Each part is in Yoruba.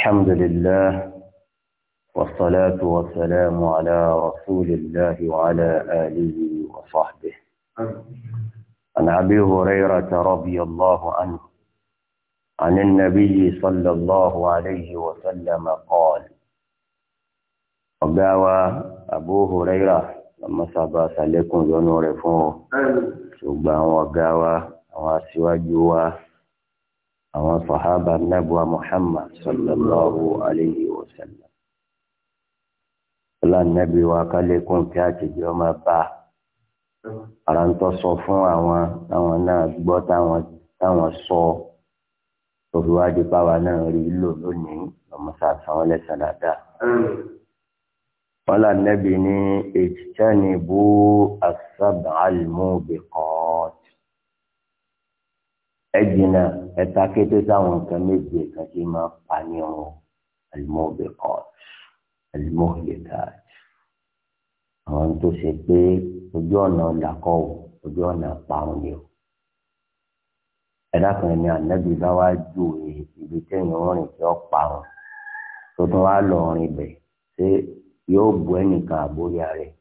الحمد لله والصلاة والسلام على رسول الله وعلى آله وصحبه عن أبي هريرة رضي الله عنه عن النبي صلى الله عليه وسلم قال أبو أبو هريرة لما سبا سلكم rẹ̀ فوق سبا ṣùgbọ́n واسوا ọ̀gáwa àwọn sọ̀hábà nàbùwà Muhammad sallallahu alayhi wa sallam. ọlọ́run nàbí wa kálékún kí àtijọ́ ọmọ bá ara ń tọ́ sọ fún àwọn táwọn náà gbọ́ táwọn sọ tó fi wá di báwa náà rí lò lónìí ọmọ sàtàn wọn lẹ́sàn dáadáa. ọlọ́run nàbí ní ètìtẹ́ni bú asábàálùmọ́ bẹ̀kọ́ ẹ jìnnà ẹ̀ta kété sáwọn nǹkan méje kan tí máa pa ní ọrùn alimobikot alimobikot àwọn tó ṣe pé ojú ọ̀nà làkọ́ o ojú ọ̀nà parun ni o ẹ̀dá kan ní ànábì bá wá ju ibi tẹ́yìn orin tí ó parun tó tún wá lọ orin bẹ̀ ṣé yóò bu ẹnìkan àbóyá rẹ̀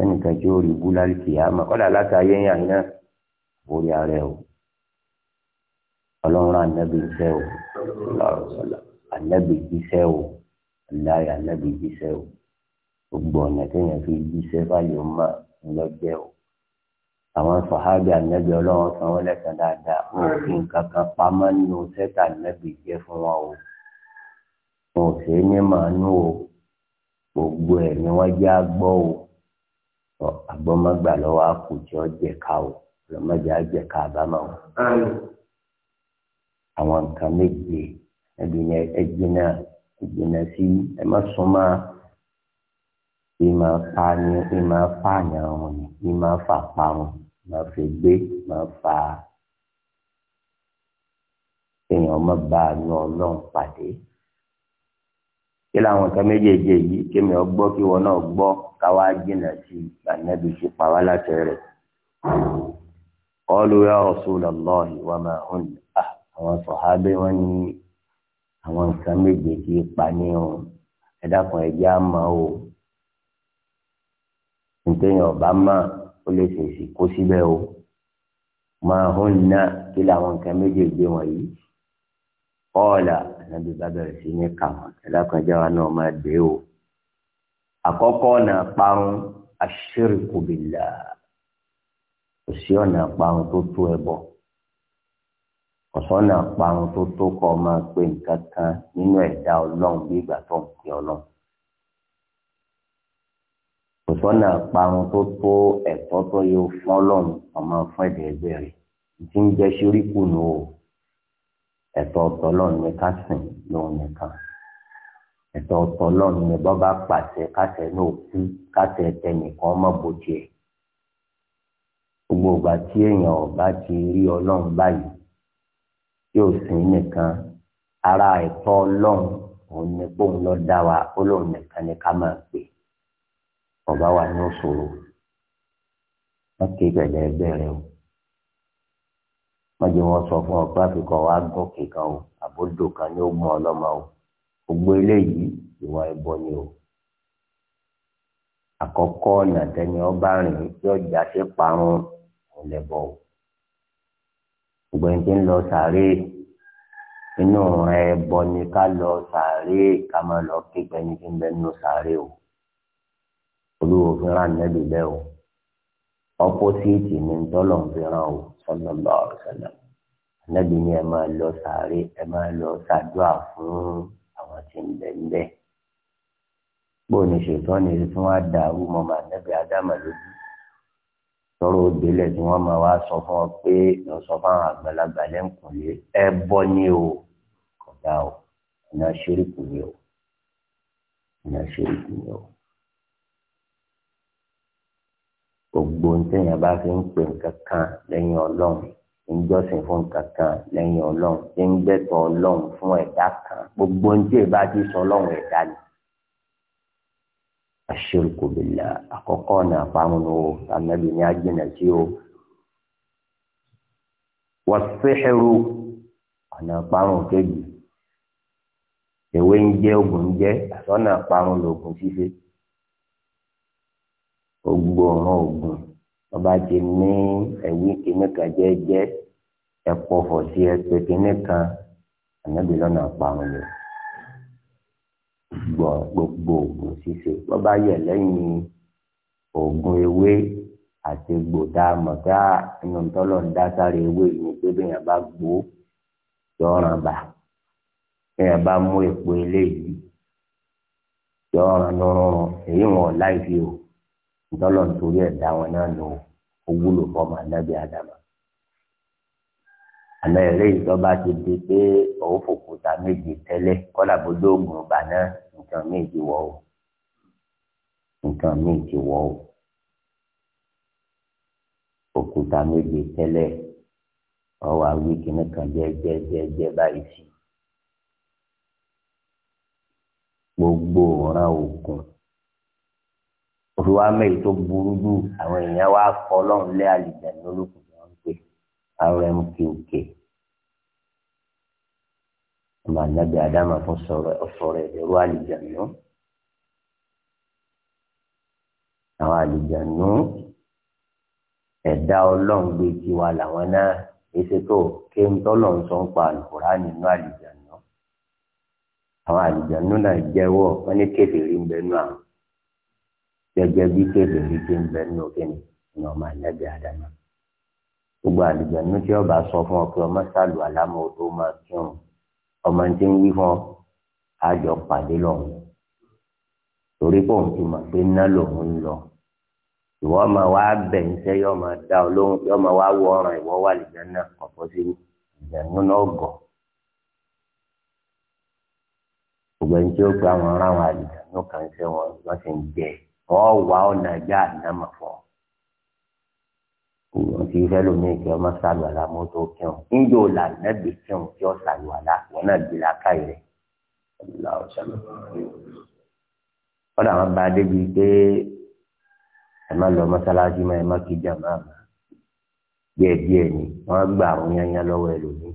ẹnìkan tí ó rí bú lálùkìyàmọ́ kọ́dà látàyẹ́yìn àyìn àbóyá rẹ̀ o ọlọ́run ànábì iṣẹ́ o ànábì iṣẹ́ o láyé ànábì iṣẹ́ o gbogbo ọ̀nà téèyàn fi jíṣẹ́ báyìí ó mà lọ́jẹ́ o àwọn sọ̀hábì ànábì ọlọ́run san wọ́n lẹ́sàn dáadáa wọn ò fi nǹkan kan pamọ́ nínú sẹ́tà ànábì jẹ́ fún wọn o wọn ò ṣe é ní màánú o gbogbo ẹ̀ ni wọ́n já gbọ́ o àgbọ̀mọ́gbà lọ́wọ́ àkùjọ jẹ̀ka o lọ́mọdé àjẹká àbámọ́ o àwọn nǹkan méje ẹgbìnà ẹgbìnà ẹgbìnà sí ẹ má súnmọ́ ìmọ̀ apani ìmọ̀ apààyàn wọn ni ìmọ̀ afàparun ìmọ̀ afẹ́gbé ìmọ̀ afa èèyàn má bá a ní ọlọ́run pàdé kí làwọn nǹkan méjèèjì yìí kémi ọgbọ́ kí wọn náà gbọ́ káwá jìnnà sí gbànẹ́bí sí pàwá láti rẹ̀ qalu ya Rasulullah wa ma hunna àwọn sọ̀hábé wọn ní àwọn nǹkan méje kì í pa ní o ẹ dákun ẹ̀jẹ̀ á mọ̀ o ntẹ̀yìn ọ̀bá mọ̀ ó lè ṣèṣì kó síbẹ̀ o máa hún ná kí làwọn nǹkan méjèèjì wọ̀nyí ọ̀ọ́là ànábì bá bẹ̀rẹ̀ sí ní kà wọ́n ẹ̀jẹ̀ wa náà máa dé o àkọ́kọ́ náà parun aṣíríkù billah kò sí ọ̀nà parun tó tó ẹbọ. E kọ̀sọ́nà parun tó tó kọ́ máa pe nǹkan kan nínú ẹ̀dá ọlọ́run bí ìgbà tó ń pè ọlọ́run. kọ̀sọ́nà parun tó tó ẹ̀tọ́ tó yẹ fún ọlọ́run ọmọ fún ẹ̀dẹ̀ ẹgbẹ́ rẹ̀ tí ń jẹ́ ṣíríkù nù o ẹ̀tọ́ ọ̀tọ̀ ọlọ́run ní ká sìn lóun nìkan ẹ̀tọ́ ọ̀tọ̀ ọlọ́run ní bọ́ bá pàṣẹ káṣẹ náà kú káṣẹ tẹnìkan mọ́ bó tiẹ̀ gbogbo ìgbà tí èèyàn ọba tí ò sí nìkan ara ẹ̀tọ́ ọlọ́run òun ni kóun lọ dá wa olóhùn nìkan ni ká máa pè ọba wa ní òṣòro wọn ké bẹ̀rẹ̀ ẹgbẹ́ rẹ o wọn jẹ wọn sọ fún ọ pé àfikọ wa gòkè kan o àbódò kan ní ogun ọlọ́mọ o gbogbo eléyìí ìwà ẹbọ ni o àkọ́kọ́ ọ̀nà tẹni ọba rìn yóò jà sí parun ọ̀lẹ́bọ̀ o gbogbo ẹni tí ń lọ sàárè inú ẹbọ ni ká lọ sàárè ká má lọ képe ẹni tí ń bẹ nínú sàárè o olúwo fi rán nẹ́bí bẹ́ẹ̀ o ọ́pọ́sìtì ni ń tọ́lọ̀ ń fi rán o sallallahu alaihi wasallam nẹ́bí ni ẹ máa lọ sàárè ẹ máa lọ ṣàdúrà fún àwọn tí ń bẹ ń bẹ bóun ni ṣètọ́ ni tí wọ́n á dàrú mọ́ màá nẹ́bí ádámà lójú sọ̀rọ̀ òdèlẹ̀ tí wọ́n máa wá sọ fún ọ pé lọ sọ fáwọn àgbàlagbà lẹ́ǹkùnlé ẹ bọ́ ní o kọ̀dá o ọ̀nà ṣíríkù ni o ọ̀nà ṣíríkù ni o. gbogbo ntẹ̀yìn bá fi ń pè nǹkan kan lẹ́yìn ọlọ́run ń jọ́sìn fún nǹkan kan lẹ́yìn ọlọ́run ń gbẹ̀tọ̀ ọlọ́run fún ẹ̀dá kan gbogbo ntẹ̀yìn bá ti sọ ọlọ́run ẹ̀dá ni àṣírkù bìlà àkọ́kọ́ náà pàmò ànábì ní àjìnà tí ó wà fẹ́hẹ́rù ọ̀nà pàmò kejì ewé ń jẹ́ oògùn jẹ́ àtọ́nà pàmò lòògùn ṣíṣe gbogbo ọ̀ràn oògùn ọba ti ní ẹ̀wí kìíní kan jẹ́jẹ́ ẹ̀pọ̀ fọ̀ sí ẹ̀pẹ̀ kìíní kan ànábì lọ́nà gbọ́ gbogbo oògùn ṣíṣe wọ́n bá yẹ̀ lẹ́yìn oògùn ewé àti gbòdà mọ̀gá ẹnu tọ́lọ̀ ń dá sáré ewé yìí pé bẹ́ẹ̀ bá gbó yọ̀ọ̀ràn bà bẹ́ẹ̀ bá mú èpo eléyìí yọ̀ọ̀ràn lọ́rùn èyí wọn láì fi o tọ́lọ̀ ń torí ẹ̀ dá wọn náà nù ó wúlò fọmọ anábì àmọ́ eré ìjọba ti di pé òun fòkúta méjì tẹ́lẹ̀ kọ́là bójú oògùn ọba náà nǹkan míì ti wọ̀ o nǹkan míì ti wọ̀ o òkúta méjì tẹ́lẹ̀ ọwọ́ àwí kìíní kan jẹ́jẹ́jẹ́jẹ́ báyìí sí gbogbo ọ̀ràn òkun òfin wa mẹ́rin tó burú jù àwọn èèyàn wa kọ́ ọlọ́run lé àlìjẹ́ lólùkù rmqk ọmọ anabi adama fún sọ̀rọ̀ ẹ̀rọ àlìjànú àwọn àlìjànú ẹ̀dá ọlọ́run gbé tiwa làwọn náà èsì tó kéńtọ́lọ̀ ń sọ ń pa àlùkòrá nínú àlìjànú àwọn àlìjànú náà jẹ́wọ́ wọn ní kèfèrí ń bẹnu àwọn gẹ́gẹ́ bí kèfèrí ti ń bẹnu òkè ní ọmọ anabi adama gbogbo àlùjànnú tí ọba sọ fún ọ pé ọmọ sálù alámọ tó máa kírun ọmọ tí ń wí fún ọ àjọ pàdé lọ́hùn torí pé òun ti mọ̀ pé ná lòun ń lọ ìwọ máa wá bẹ̀ ń sẹ́ yọ máa dá ọ lóhùn yọ máa wá wọ ọ̀ràn ìwọ wà àlùjànnú ọ̀pọ̀ sí àlùjànnú náà gọ̀ gbogbo ẹni tí ó pe àwọn aráwọn àlùjànnú kan sẹ́wọ̀n lọ́sẹ̀ ń jẹ wọ́n wà ọ̀nà ajá àdámà fún ọ òun ti fẹ́ lómìn kí ọmọ sàlù àlá mọ́tò kírun níjó là nẹ́bí kírun kí ọ sàlù àlá wọn náà gbé lákàyè rẹ̀ wọ́n dà wọ́n bá débi pé ẹ má lọ mọ́sálásí má ẹ má kí jàmá àmà díẹ̀ díẹ̀ ni wọ́n gbà àwọn yányá lọ́wọ́ ẹ lónìí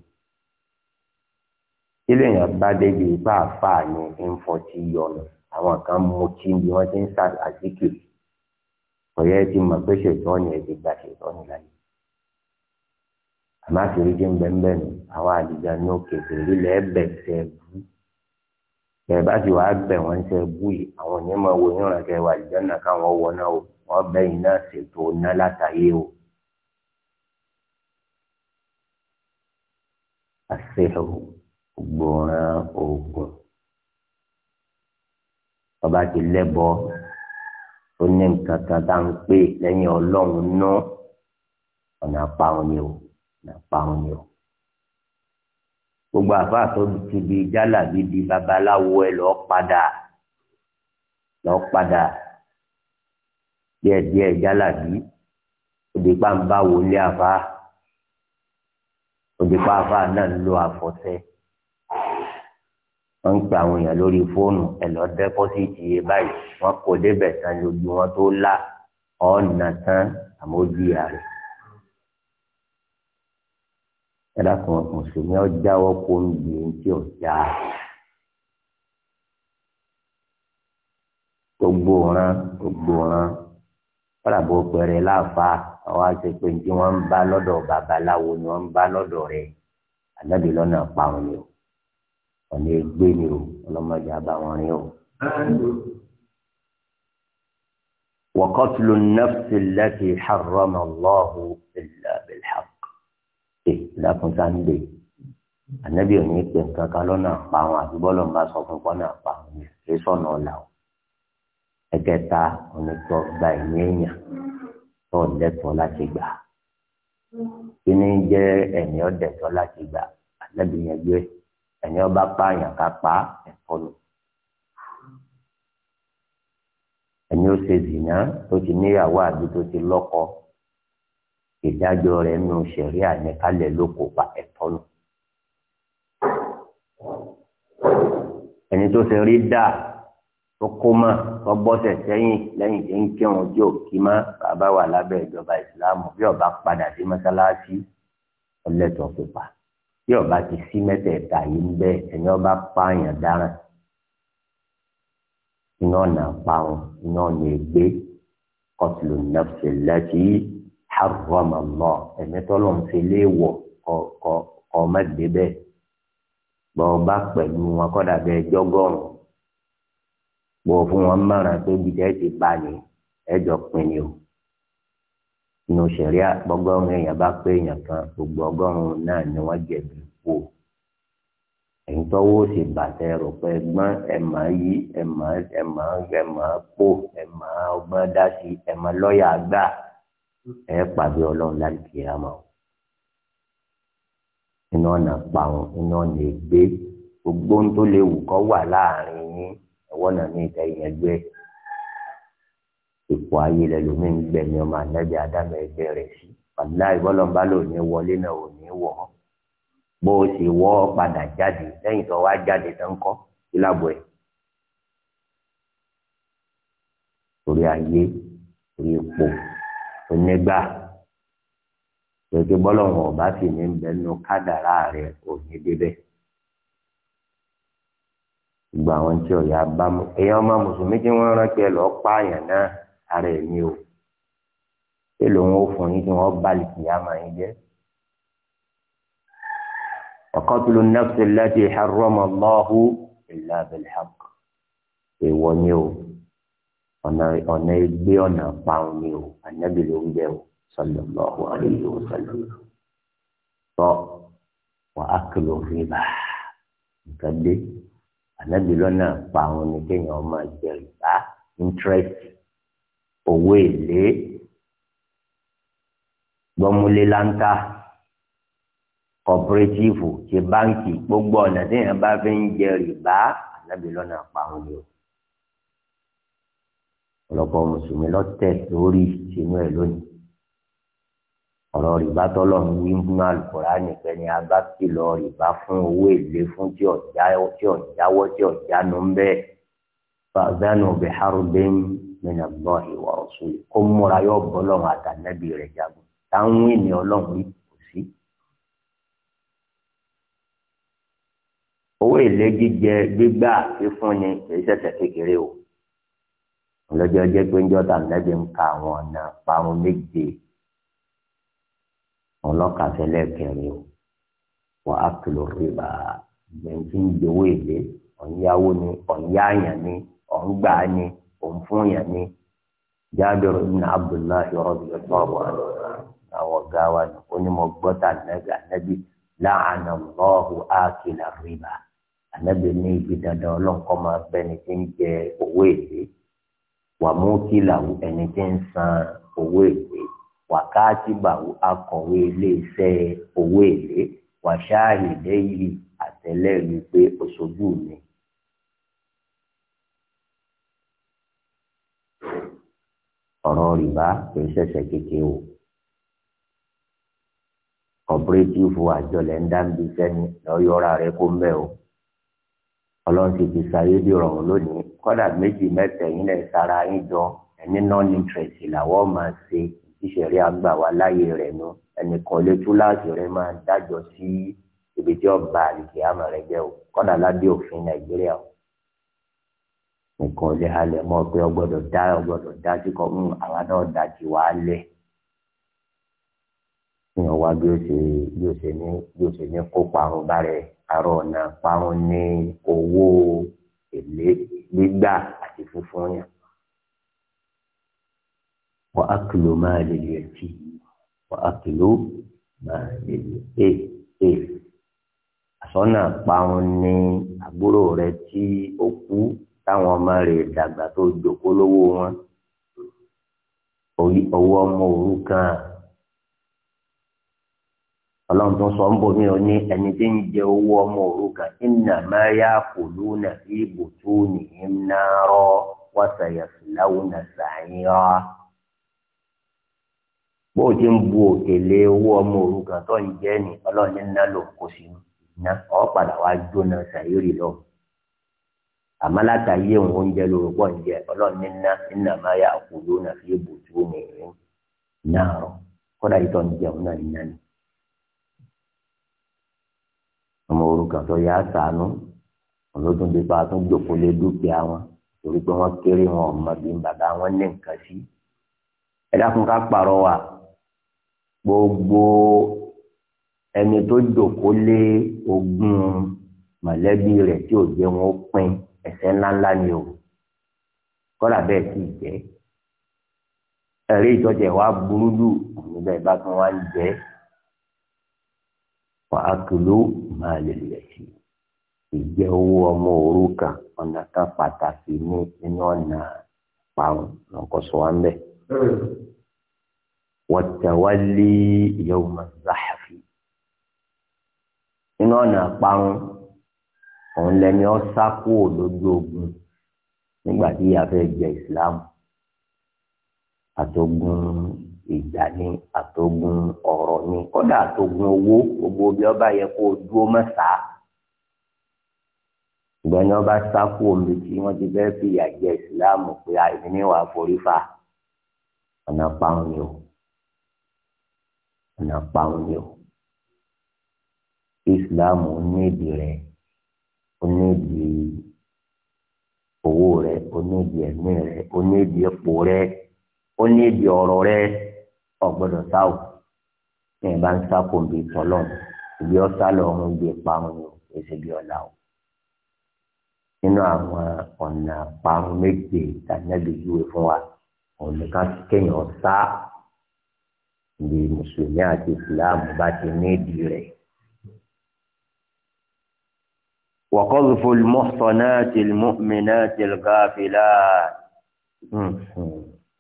tí lèèyàn bá débi ipá àfáà ni ń fọtí yọnu àwọn kan mú kí bí wọ́n ti ń sàlù àzíkìrì ọ̀yẹ́ ti mọ̀ pé ṣètò ọ̀nì ẹ̀ ti gba ṣètò ọ̀nì láyé àmọ́ àṣírí jẹ́ ńbẹ́ńbẹ́ nù àwọn àdìgbà ní òkè tèrí lẹ́ bẹ̀ tẹ́ bú bẹ́ẹ̀ bá ti wàá bẹ̀ wọ́n tẹ́ bú yìí àwọn ènìyàn máa wo ìrìnà kẹ́ wà àdìgbà náà káwọn wọ náà o wọ́n bẹ́yìn náà ṣètò ná látàyé o. àṣehàn gbòòràn oògùn ọba ti lẹ́bọ̀ọ́ ó ní nǹkan kan tá à ń pè lẹ́yìn ọlọ́run ná ọ̀nà àpáwọn ni o ọ̀nà àpáwọn ni o. gbogbo àfa tó ti di jálàbí di babaláwo ẹ lọ́ọ́ padà lọ́ọ́ padà díẹ̀díẹ̀ jálàbí òde pàǹbáwò lé àfa òde pàǹbá náà ń lo àfọ̀sẹ́ wọ́n ń pe àwọn èèyàn lórí fóònù ẹ̀ lọ dẹ́pọ́sìtì yẹ báyìí wọ́n kò débẹ̀ tán lójú wọn tó là ọ̀nà tán àmọ́ ojú ìyá rẹ̀. ẹ dákun mùsùlùmí ọjàwọ́ kó ń gbé tí ọjà gbogbo ọ̀ràn gbogbo ọ̀ràn kọ́lá bó pẹ̀rẹ̀ láàfáà àwọn àṣepé tí wọ́n ń bá lọ́dọ̀ babaláwo ni wọ́n ń bá lọ́dọ̀ rẹ̀ àdábìlọ́nà pa òun ni o ọ̀nà ègbé ni o ọlọ́mọdé àbáwọn rìn o. وقتل النفس التي حرم الله إلا بالحق إيه لا كنت عندي النبي يقول لك قالوا نعبا وعبولا ما صفوا نعبا يسونا الله ẹ̀kẹta onítọ̀ gba ẹ̀mí èèyàn tó lẹ́tọ̀ọ́ láti gbà kí ni jẹ́ ẹ̀mí ọ̀dẹ̀tọ̀ láti gbà àlẹ́bí yẹn gbé ẹni ọba pààyàn ká pa ẹ̀kọ́ lọ. ẹni ó ṣe zìnà tó ti níyàwó àbí tó ti lọ́kọ ìdájọ́ rẹ̀ nù sẹ̀rí àníkálẹ̀ ló kó pa ẹ̀tọ́ lọ. ẹni tó ṣe rí dà tó kó mọ́ tó gbọ́sẹ̀ sẹ́yìn lẹ́yìn tí ń kírun tí ò kí mọ́ bàbá wà lábẹ́ ìjọba ìsìláàmù bí ọba padà sí mọ́sálásí ọlẹ́tọ̀ọ́ pípa tí ọba ti sí mẹ́tẹ̀ẹ̀ta yìí ń bẹ ẹni ọba pààyàn dáràn iná ọ̀nà àpáwọn iná ọ̀nà ègbé kọtùlù nafsi lati harrama Allah ẹ̀mí tọ́lọ̀ ń fi léèwọ̀ kọ́ ọmọdé bẹ́ẹ̀ bọ́ ọba pẹ̀lú wọn kọ́dà bẹ́ẹ̀ jọ́gọ́rùn bọ́ fún wọn mọ̀ràn pé bíjẹ́ ti bá ní ẹjọ́ pinni o inú sẹ̀ríà gbọ́gọ́rùn èèyàn bá pé èèyàn kan gbogbo ọgọ́rùn náà ni wọ́n jẹ̀bi kú o èyí tó wó sì bàtẹ́ rò pé gbọ́n ẹ̀ máa yí ẹ̀ máa ẹ̀ máa ẹ̀ máa pò ẹ̀ máa ọgbọ́n dá sí ẹ̀ máa lọ́ọ̀yà gbà ẹ̀ pàdé ọlọ́run láti kì í àmọ́ iná ọ̀nà pàrọ̀ iná ọ̀nà ègbé gbogbo ohun tó lè wù kọ́ wà láàrin yín ẹ̀wọ́n náà ní ìtẹ̀yìn ẹgbẹ́ ipò ayé lẹlòmíì ń gbẹmí ọmọ ànábì ádámù ẹgbẹ́ rẹ̀ sí wàláì bọlọmọba ló ní wọlé náà ò ní wọ ọ bó o sì wọ ọ padà jáde lẹ́yìn tó wá jáde tó ń kọ sílábọ ẹ torí ayé torí ipò onígbà pẹ̀lú bọ́lọ́run ọ̀bá sì ní bẹ́ẹ̀ nínú kádàrá rẹ̀ ò ní débẹ̀ gbogbo àwọn tí ọ̀yà bá mú èèyàn ọmọ mùsùlùmí tí wọ́n rántí ẹ lọ́ọ́ pààyàn náà ara ẹ̀ ní o ṣé lòun ó fún yín kí wọ́n bá lè kìyà máa yín jẹ́. وقتل النفس التي حرم الله إلا بالحق èèwọ̀ ni o ọ̀nà ọ̀nà gbé ọ̀nà pàun ni o ànábì ló ń bẹ o sallallahu alaihi wa sallam tọ́ wà á kìlọ̀ fún ibà nǹkan dé ànábì lọ́nà pàun ni kéèyàn máa jẹ ìgbà interest owó èlé gbọmúlé láńkà kọpírẹtìfù ti báǹkì gbogbo ọ̀nà téèyàn bá fi ń jẹ rìbá àlábì lọ́nà pàrọ̀ ni o ọ̀pọ̀lọpọ̀ mùsùlùmí lọ́tẹ̀ lórí sínú ẹ̀ lónìí ọ̀rọ̀ rìbá tọ́lọ̀ ń wí nínú àlùkòrá nìkan ni a bá kìlọ̀ rìbá fún owó èlé fún tí ọ̀jáwọ́ tí ọ̀jánu ń bẹ́ẹ̀ fàdánù bẹ̀hárùbẹ́ni min Allahi wa rasuli kó múra yọ bọ́lọ́run àtànẹ́bí rẹ̀ jagun táwọn ènìyàn ọlọ́run rí kò sí. owó èlé jíjẹ gbígbà fífúnni kìí ṣẹ̀ṣẹ̀ kékeré o lọ́jọ́ jẹ́ pé ń jọ́ta lẹ́bi ń ka àwọn ọ̀nà parun méje ọlọ́kàfẹ́lẹ́ kẹrin o wà á kìlọ̀ rìbá gbẹ̀ǹtì ń jowó èlé ọ̀nyáwó ni ọ̀nyáàyàn ni ọ̀ngbà ni òun fún yàn ní jábìrì ibn abdullahi radiyallahu anhu àwọn ọ̀gá wa ni ó ní mo gbọ́ tà nẹ́bí ànẹ́bí láàánà Allahu akila riba ànẹ́bí ní ibi dandan ọlọ́run kọ́ máa bẹni tí ń jẹ owó èlé wà mú kílà ẹni tí ń san owó èlé wà káàtìbà akọ̀wé iléeṣẹ́ owó èlé wà ṣáàhìndé yìí àtẹlẹ́rìí pé oṣojú mi ọ̀rọ̀ rìbá kì í ṣẹ̀ṣẹ̀ kékeré o cooperative àjọlẹ̀ ń dá ń bí sẹ́ni lọ́yọ́ra rẹ kó mbẹ́ o ọlọ́run sì ti ṣayé bí rọrùn lónìí kọ́dà méjì mẹ́tẹ̀ yín lẹ̀ sára yín jọ ẹni non interest làwọn máa ṣe ìṣẹ̀rí àgbà wa láyé rẹ̀ nu ẹnìkan lè tú láàjọ rẹ máa dájọ sí ibi tí ọba àlìkè rẹ jẹ́ o kọ́dà lábẹ́ òfin Nàìjíríà o. nǹkan ọ halẹ̀ mọ́ pé ọgbọ́dọ̀ dá ọgbọ́dọ̀ dá sí kọ́ ń hmm, àwa náà dá wá ní ọwá bí ó ṣe bí ó ṣe ní bí ó ṣe ní kó parun bárẹ̀ àrò ọ̀nà parun ní owó èlé gbígbà àti funfun yàn. wà á kìlò máa lè lè fi wà á kìlò máa lè lè àsọ̀nà parun ní àbúrò táwọn ọmọ rẹ̀ dàgbà tó jòkó lówó wọn owó ọmọ òrukàn ọlọ́run tó sọ ń bò mí ọ ní ẹni tí ń jẹ owó ọmọ òrukàn iná máa yá kòló nà sí ibùtú nìyẹn náà rọ wàtàyàfìláwò nà sàáyìn rọ bó o ti ń bu òkèlè owó ọmọ òrukàn tó ń jẹ ni ọlọ́run ní ná ló kó sínú ná ọ padà wá jóná sàyérì lọ́wọ́ àmọ́ látàyè òun oúnjẹ lóru pọ̀ ń jẹ ọlọ́run nínà nínà máa yà kúrò náà fi èbò tí ó ní ìrìn náà rọ kọ́dà yìí tó ń jẹun náà nínà ni. ọmọ òrukàn tó yà á sànú ọlọ́dún bí pa tún jòkó lé dúkìá wọn torí pé wọ́n kéré wọn ọmọ bí bàbá wọn ní nǹkan sí. ẹ dákun ká pààrọ̀ wà gbogbo ẹni tó jòkó lé ogún mọ̀lẹ́bí rẹ̀ tí ò jẹ́ ó pín ẹ̀ṣẹ̀ ńláńlá ni o kọ́là bẹ́ẹ̀ sì jẹ́ ẹ̀rí ìtọ́jẹ̀ wa burú jù òun bẹ́ẹ̀ bá tún wá ń jẹ́ wà á kìló máa lè lẹ̀ sí ìjẹ́ owó ọmọ òrukàn ọ̀nà kan pàtàkì ní inú ọ̀nà parun lọ́kọ̀ọ́sọ wa ń bẹ̀. wọ́tẹ̀wálé yawma zahafi inú ọ̀nà parun òun lẹni ọ sá lójú ogun nígbà tí ìyá fẹ́ jẹ ìsìláàmù àtògùn ìjà ni àtògùn ọ̀rọ̀ ni kódà àtògùn owó gbogbo bí ọba yẹ kó dúró mẹ́ta ìgbà ni ọba sá kúrò mi tí wọ́n ti fẹ́ fi ìyà jẹ ìsìláàmù pé àìsí ní wàá forí fa ọ̀nà pàun ni o ọ̀nà pàun ni o ìsìláàmù ní ìdí rẹ̀ oníbi owó rẹ oníbi ẹ̀mí rẹ oníbi epo rẹ oníbi ọ̀rọ̀ rẹ ọ̀gbọ́dọ̀ sáwò ní ìbá ń sáko bíi tọ́lọ̀ ìbí ọ̀sá lọ́rùn bíi parun ni bíi ọ̀la o nínú àwọn ọ̀nà parun méje tàbí júwe fún wa òun ni ká kéèyàn sá ìdè mùsùlùmí àti ìsìláàmù bá ti ní ìdí rẹ̀. وقذف المحصنات المؤمنات الغافلات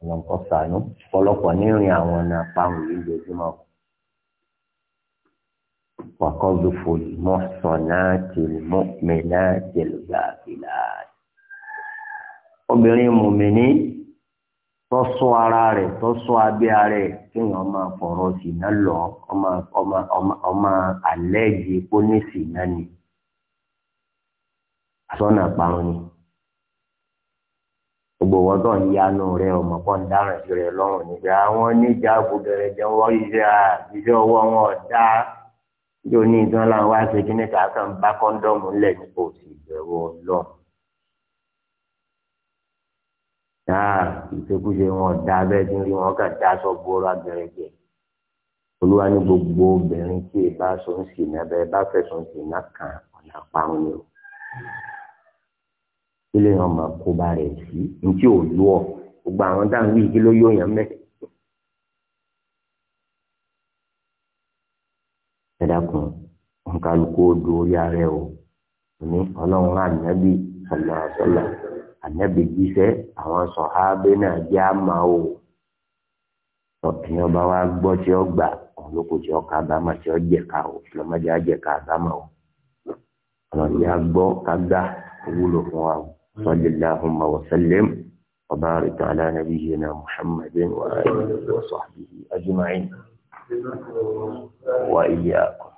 wọn kọ sànú ọ̀pọ̀lọpọ̀ nírìn àwọn ọ̀nà apáhùn yìí lójúmọ́ وقذف المحصنات المؤمنات الغافلات obìnrin mùmíní tó sọ ara rẹ̀ tó sọ abẹ́ ara rẹ̀ kéèyàn máa fọ̀rọ̀ sí náà lọ ọmọ ọmọ ọmọ àlẹ́ yìí pónísì náà ni sọ́nà parun ni gbogbo wọn tó ń yanu rẹ ọmọ pọ ń dáràn sí rẹ lọ́rùn nígbà àwọn oníjà àbúbẹrẹ jẹ wọn iṣẹ́ àbíṣe ọwọ́ wọn ọdá yóò ní ìtàn láwọn wá ṣe kíní kàákà ń bá kọńdọọmù ńlẹ ní kò sí ìbẹ̀rù Ọlọ́run. náà ìṣekúṣe wọn ọdá bẹ́ẹ̀ tí ń rí wọn kà dá sọgbóra gẹrẹgẹ olúwa ní gbogbo obìnrin tí ì bá sọ ń sì náà bẹ́ẹ̀ bá fẹ̀sùn sì náà kàn ọ̀nà àpáwọn ni o. kí lè yàn máa kó ba rẹ̀ sí ntí ò lú ọ gbogbo àwọn dáhùn wí kí ló yóò yàn odò orí o ní ọlọ́run ànábì sọ̀lá sọ̀lá ànábì jíṣẹ́ àwọn náà jẹ́ àmà o ìyẹn ọba wa gbọ́ tí ó gbà ló kò tí ó tí ó jẹ̀ka o á jẹ̀ka àbámà o ọ̀nà a gbọ́ ká gbà ó fún wa o. صل اللهم وسلم وبارك على نبينا محمد وآله وصحبه أجمعين وإياكم